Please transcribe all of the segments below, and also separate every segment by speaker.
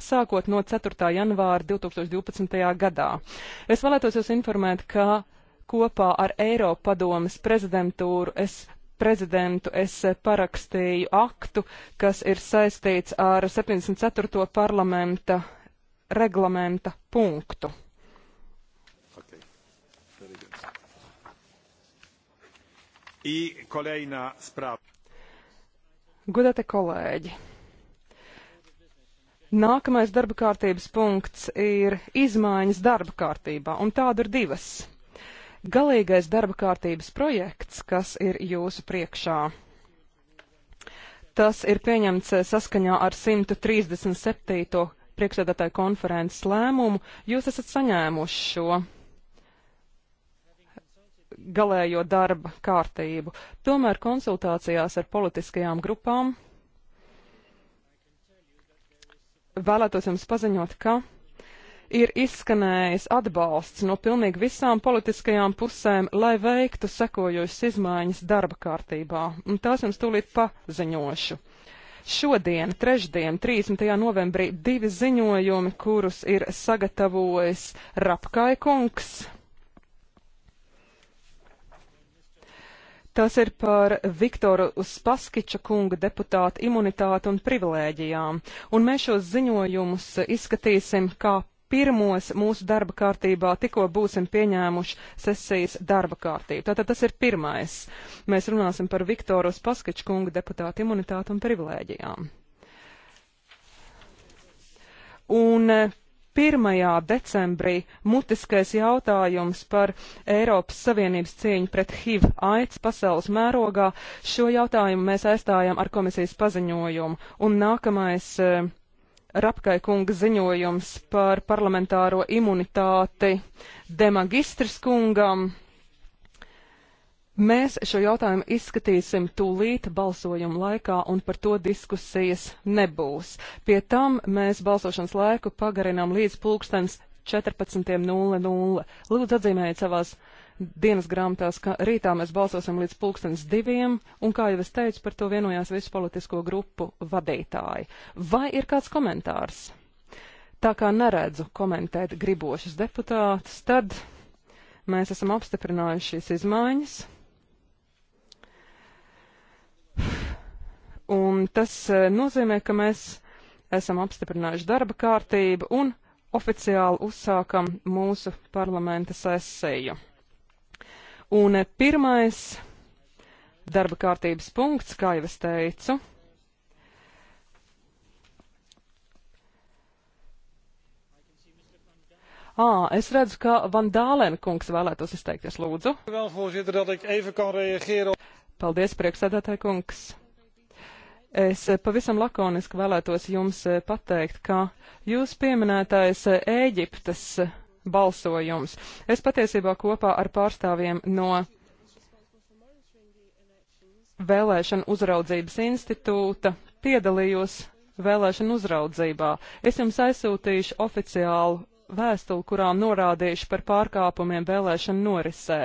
Speaker 1: sākot no 4. janvāra 2012. gadā. Es vēlētos jūs informēt, ka kopā ar Eiropa padomas prezidentūru es prezidentu es parakstīju aktu, kas ir saistīts ar 74. parlamenta reglamenta punktu.
Speaker 2: Okay. I kolejna sprawa.
Speaker 1: Godate kolēģi. Nākamais darba kārtības punkts ir izmaiņas darba kārtībā, un tāda ir divas. Galīgais darba kārtības projekts, kas ir jūsu priekšā. Tas ir pieņemts eh, saskaņā ar 137. priekšsēdētāju konferences lēmumu. Jūs esat saņēmuši šo galējo darba kārtību. Tomēr konsultācijās ar politiskajām grupām vēlētos jums paziņot, ka ir izskanējis atbalsts no pilnīgi visām politiskajām pusēm, lai veiktu sekojošas izmaiņas darba kārtībā, un tās jums tūlīt paziņošu. Šodien, trešdien, 30. novembrī, divi ziņojumi, kurus ir sagatavojis Rapkaikungs, Tas ir par Viktoru Uspaskiča kunga deputāta imunitāti un privilēģijām, un mēs šos ziņojumus izskatīsim kā pirmos mūsu darba kārtībā, tikko būsim pieņēmuši sesijas darba kārtību. Tātad tas ir pirmais. Mēs runāsim par Viktoru Uspaskiča kunga deputāta imunitāti un privilēģijām. Un 1. decembrī mutiskais jautājums par Eiropas Savienības cīņu pret HIV aids pasaules mērogā. Šo jautājumu mēs aizstājam ar komisijas paziņojumu. Un nākamais e, Rapkai kunga ziņojums par parlamentāro imunitāti demagistris kungam. Mēs šo jautājumu izskatīsim tūlīt balsojuma laikā, un par to diskusijas nebūs. Pie tam mēs balsošanas laiku pagarinām līdz pulkstens 14.00. Lūdzu, atzīmējiet savās dienas grāmatās, ka rītā mēs balsosim līdz pulkstens diviem, un, kā jau es teicu, par to vienojās visu politisko grupu vadītāji. Vai ir kāds komentārs? Tā kā neredzu komentēt gribošus deputātus, tad mēs esam apstiprinājuši šīs izmaiņas. Un tas eh, nozīmē, ka mēs esam apstiprinājuši darba kārtību un oficiāli uzsākam mūsu parlamenta sesiju. Un eh, pirmais darba kārtības punkts, kā jau es teicu, Ah, es redzu, ka Van Dālēna kungs vēlētos izteikties, lūdzu. Paldies, priekšsēdētāji kungs. Es eh, pavisam lakoniski vēlētos jums eh, pateikt, ka jūs pieminētais eh, Ēģiptes balsojums. Es patiesībā kopā ar pārstāvjiem no vēlēšanu uzraudzības institūta piedalījos vēlēšanu uzraudzībā. Es jums aizsūtīšu oficiālu vēstuli, kurā norādījuši par pārkāpumiem vēlēšanu norisē.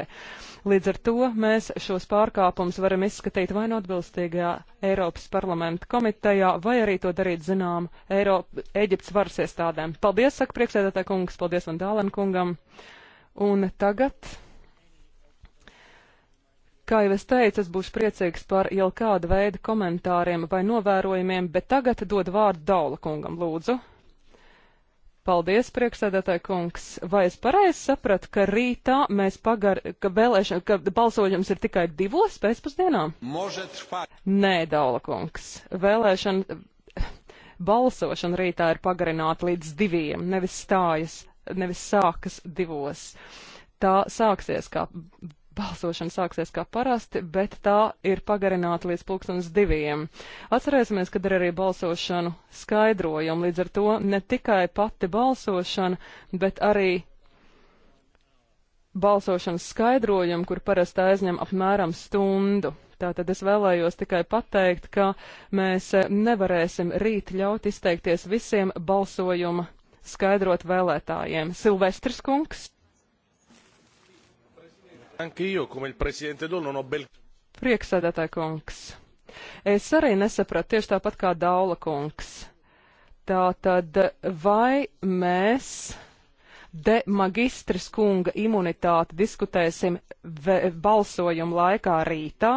Speaker 1: Līdz ar to mēs šos pārkāpumus varam izskatīt vai nu atbilstīgajā Eiropas parlamenta komitejā, vai arī to darīt zinām Eiropa, Eģiptes varas iestādēm. Paldies, saka priekšsēdētā kungs, paldies Van Dālen kungam. Un tagad Kā jau es teicu, es būšu priecīgs par jau kādu veidu komentāriem vai novērojumiem, bet tagad dod vārdu Daula kungam, lūdzu. Paldies, priekšsēdētāji kungs. Vai es pareizi sapratu, ka rītā mēs pagar, ka vēlēšana, ka balsojums ir tikai divos pēcpusdienā? Nē, Daula kungs. Vēlēšana, balsošana rītā ir pagarināta līdz diviem, nevis stājas, nevis sākas divos. Tā sāksies kā balsošana sāksies kā parasti, bet tā ir pagarināta līdz pulkstens diviem. Atcerēsimies, kad ir arī balsošanu skaidrojumi, līdz ar to ne tikai pati balsošana, bet arī balsošanas skaidrojumi, kur parasti aizņem apmēram stundu. Tātad es vēlējos tikai pateikt, ka mēs nevarēsim rīt ļaut izteikties visiem balsojuma skaidrot vēlētājiem. Silvestris kungs. Prieksēdētāja kungs. Es arī nesapratu tieši tāpat kā Daula kungs. Tā tad vai mēs de magistris kunga imunitāti diskutēsim balsojumu laikā rītā?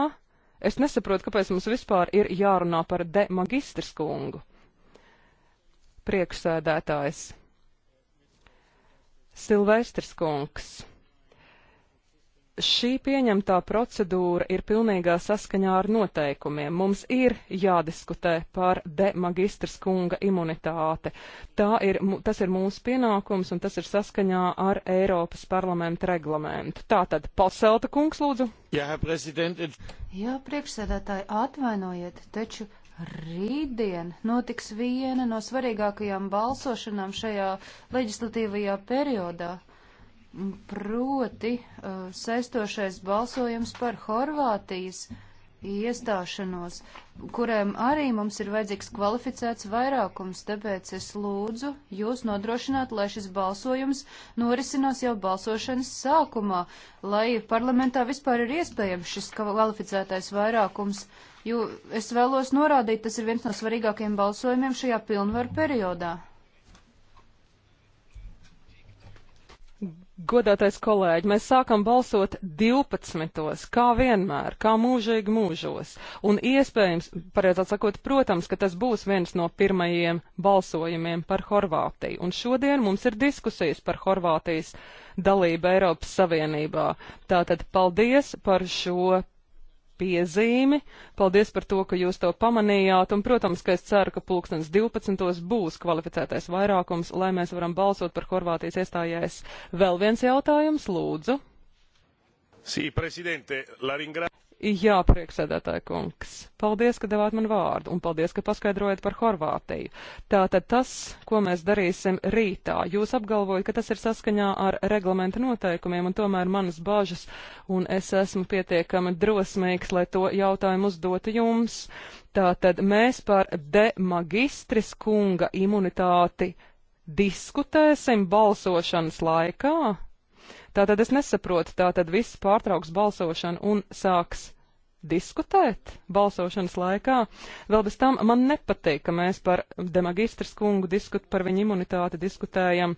Speaker 1: Es nesaprotu, kāpēc mums vispār ir jārunā par de magistris kungu. Priekšsēdētājs. Silvestris kungs šī pieņemtā procedūra ir pilnīgā saskaņā ar noteikumiem. Mums ir jādiskutē par de magistras kunga imunitāti. Tā ir, tas ir mūsu pienākums un tas ir saskaņā ar Eiropas parlamenta reglamentu. Tātad, Paselta kungs, lūdzu. Jā, prezident. Jā, priekšsēdētāji, atvainojiet, taču Rītdien notiks viena no svarīgākajām balsošanām šajā leģislatīvajā periodā. Proti uh, sestošais balsojums par Horvātijas iestāšanos, kuriem arī mums ir vajadzīgs kvalificēts vairākums, tāpēc es lūdzu jūs nodrošināt, lai šis balsojums norisinās jau balsošanas sākumā, lai parlamentā vispār ir iespējams šis kvalificētais vairākums, jo es vēlos norādīt, tas ir viens no svarīgākajiem balsojumiem šajā pilnvaru periodā. Godātais kolēģi, mēs sākam balsot 12. kā vienmēr, kā mūžīgi mūžos, un iespējams, pareizāk sakot, protams, ka tas būs viens no pirmajiem balsojumiem par Horvātiju, un šodien mums ir diskusijas par Horvātijas dalību Eiropas Savienībā. Tātad paldies par šo piezīmi. Paldies par to, ka jūs to pamanījāt, un, protams, ka es ceru, ka pulkstens 12. būs kvalificētais vairākums, lai mēs varam balsot par Horvātijas iestājais. Vēl viens jautājums, lūdzu. Sī, prezidente, la ringra... Jā, priekšsēdētāja kungs. Paldies, ka devāt man vārdu un paldies, ka paskaidrojat par Horvātiju. Tātad tas, ko mēs darīsim rītā, jūs apgalvojat, ka tas ir saskaņā ar reglamenta noteikumiem un tomēr manas bažas un es esmu pietiekami drosmīgs, lai to jautājumu uzdotu jums. Tātad mēs par de magistris kunga imunitāti diskutēsim balsošanas laikā. Tātad es nesaprotu, tātad viss pārtrauks balsošanu un sāks diskutēt balsošanas laikā. Vēl bez tam man nepatīk, ka mēs par demagistras kungu diskut, par viņu imunitāti diskutējam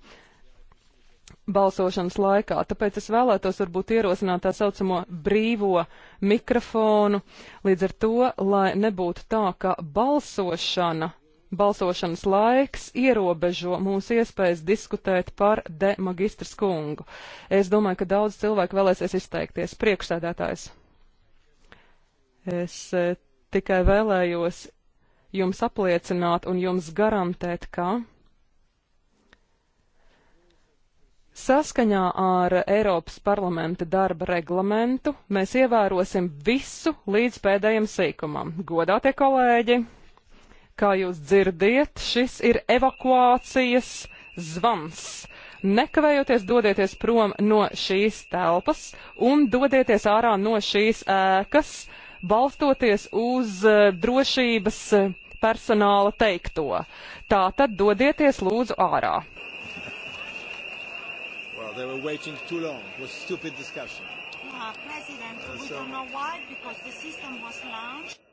Speaker 1: balsošanas laikā. Tāpēc es vēlētos varbūt ierosināt tā saucamo brīvo mikrofonu, līdz ar to, lai nebūtu tā, ka balsošana balsošanas laiks ierobežo mūsu iespējas diskutēt par de magistras kungu. Es domāju, ka daudz cilvēku vēlēsies izteikties. Priekšsēdētājs. Es e, tikai vēlējos jums apliecināt un jums garantēt, ka saskaņā ar Eiropas parlamenta darba reglamentu mēs ievērosim visu līdz pēdējiem sīkumam. Godātie kolēģi! Kā jūs dzirdiet, šis ir evakuācijas zvans. Nekavējoties dodieties prom no šīs telpas un dodieties ārā no šīs ēkas, balstoties uz e, drošības e, personāla teikto. Tā tad dodieties lūdzu ārā.
Speaker 2: Well, they were waiting too long. It was stupid discussion. Uh, President, uh, so... we don't know why, because the system was launched.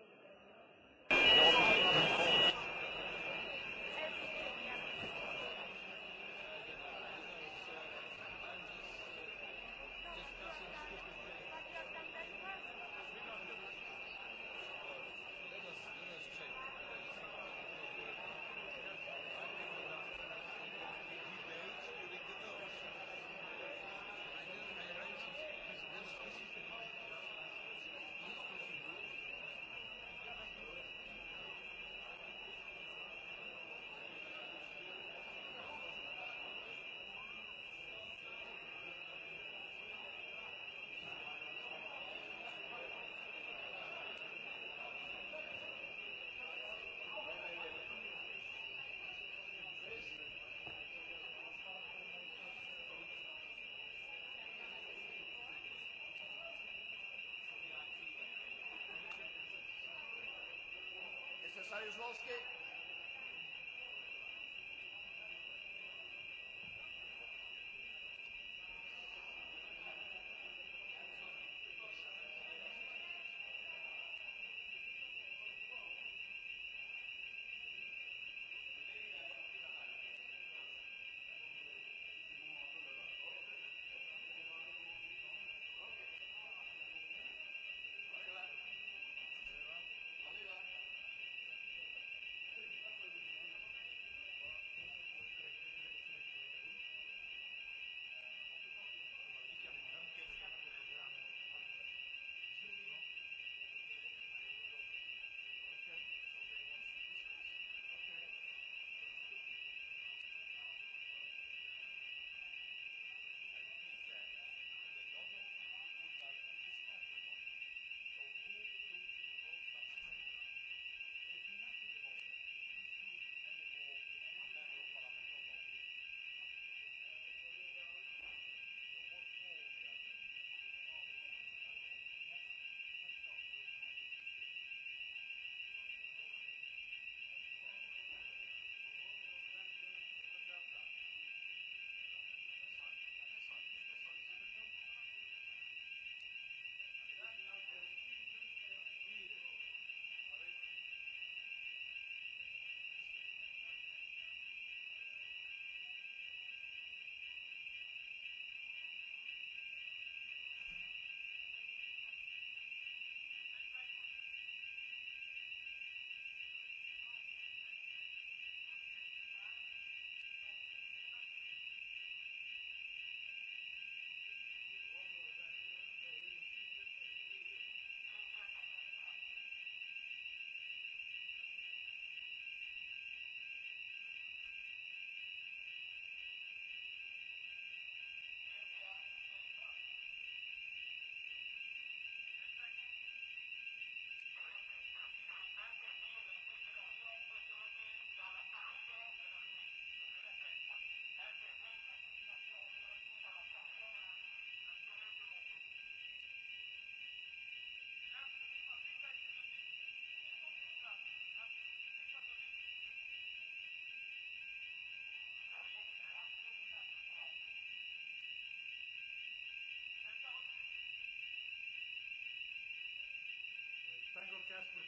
Speaker 2: necesarios los que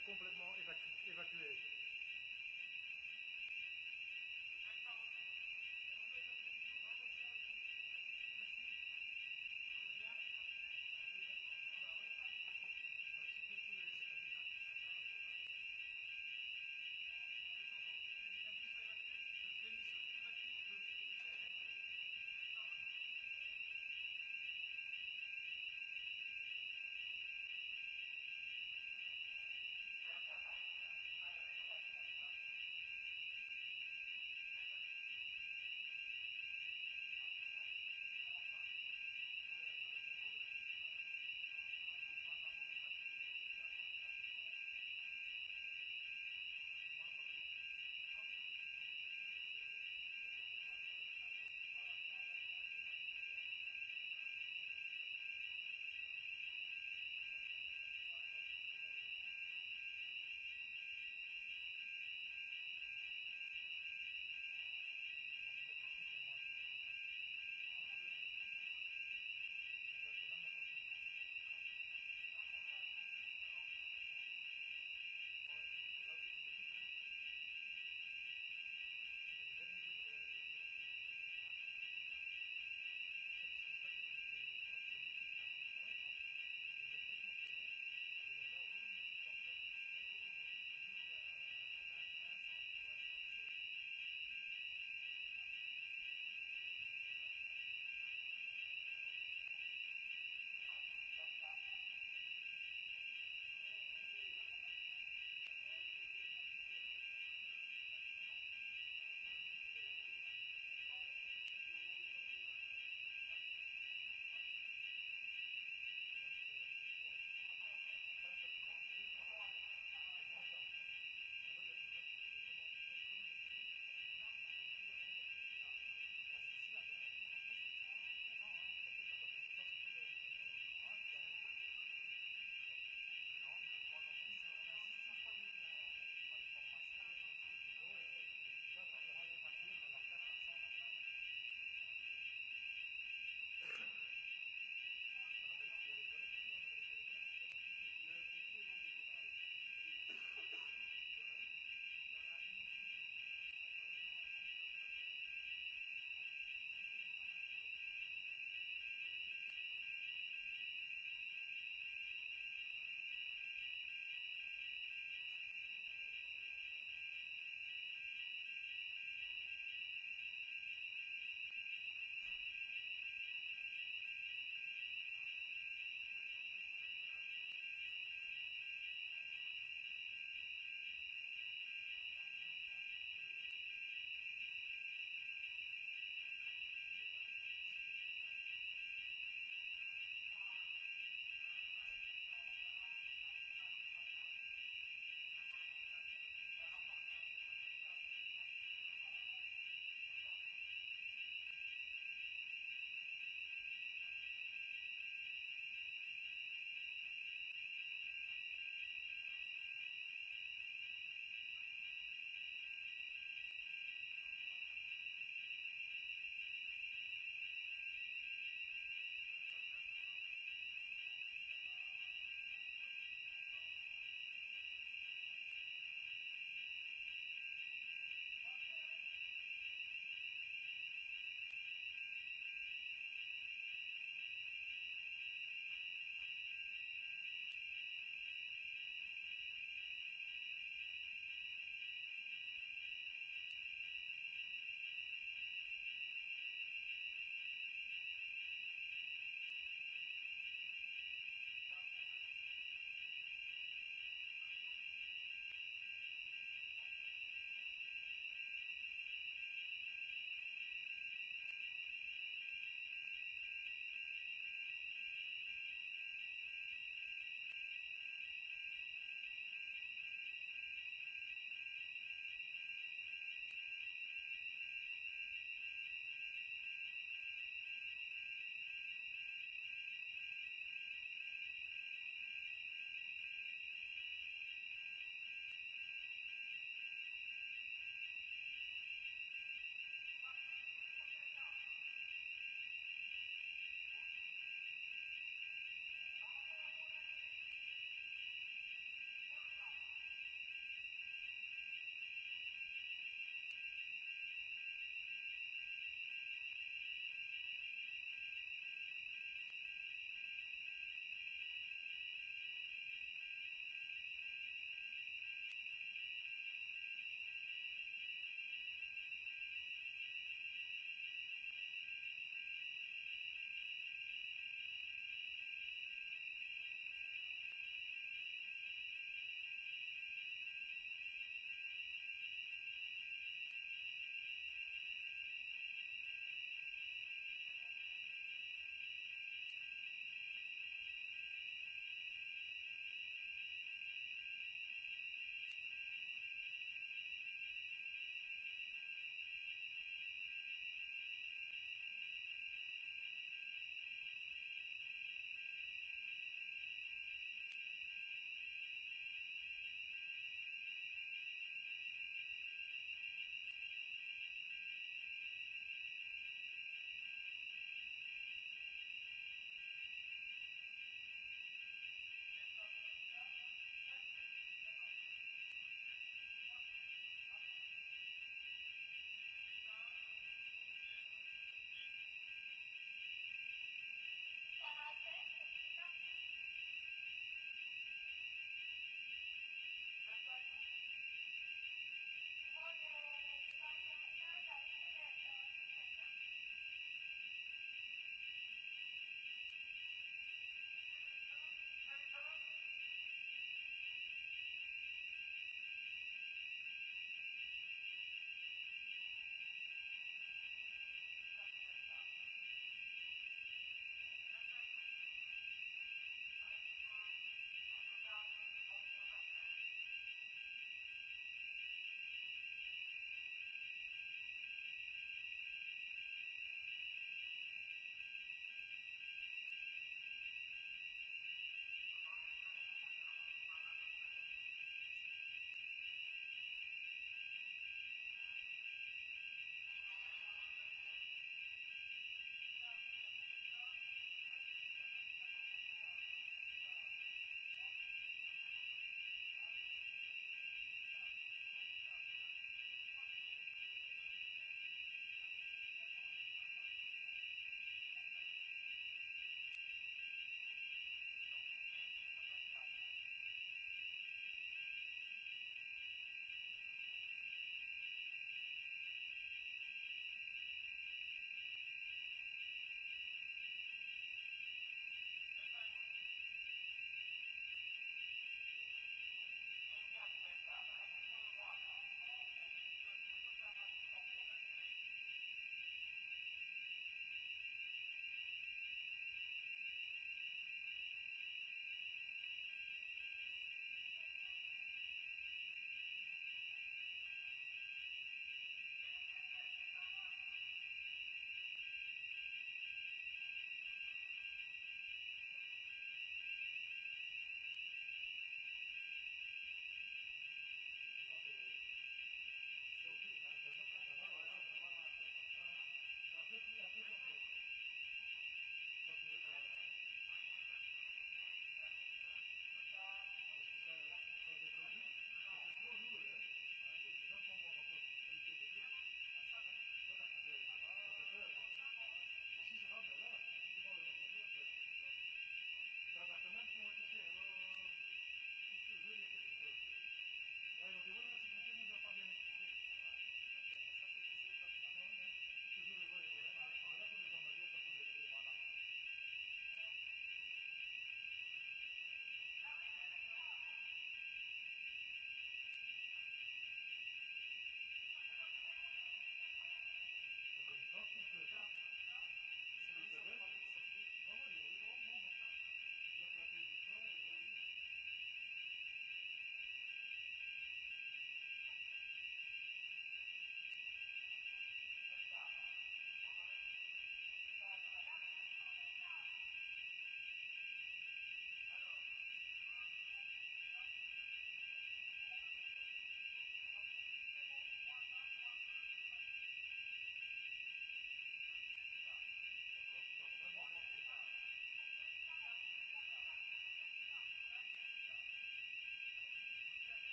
Speaker 2: complètement évacué.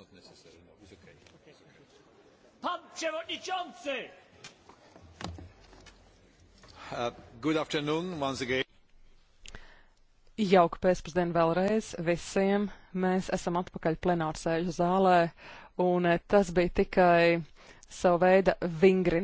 Speaker 2: not necessary. No, it's okay. okay. It's okay. Pan Przewodniczący! Uh, good afternoon once again.
Speaker 1: Jauka pēcpusdiena vēlreiz visiem. Mēs esam atpakaļ plenārsēžu zālē, un eh, tas bija tikai savu veidu vingrinājums.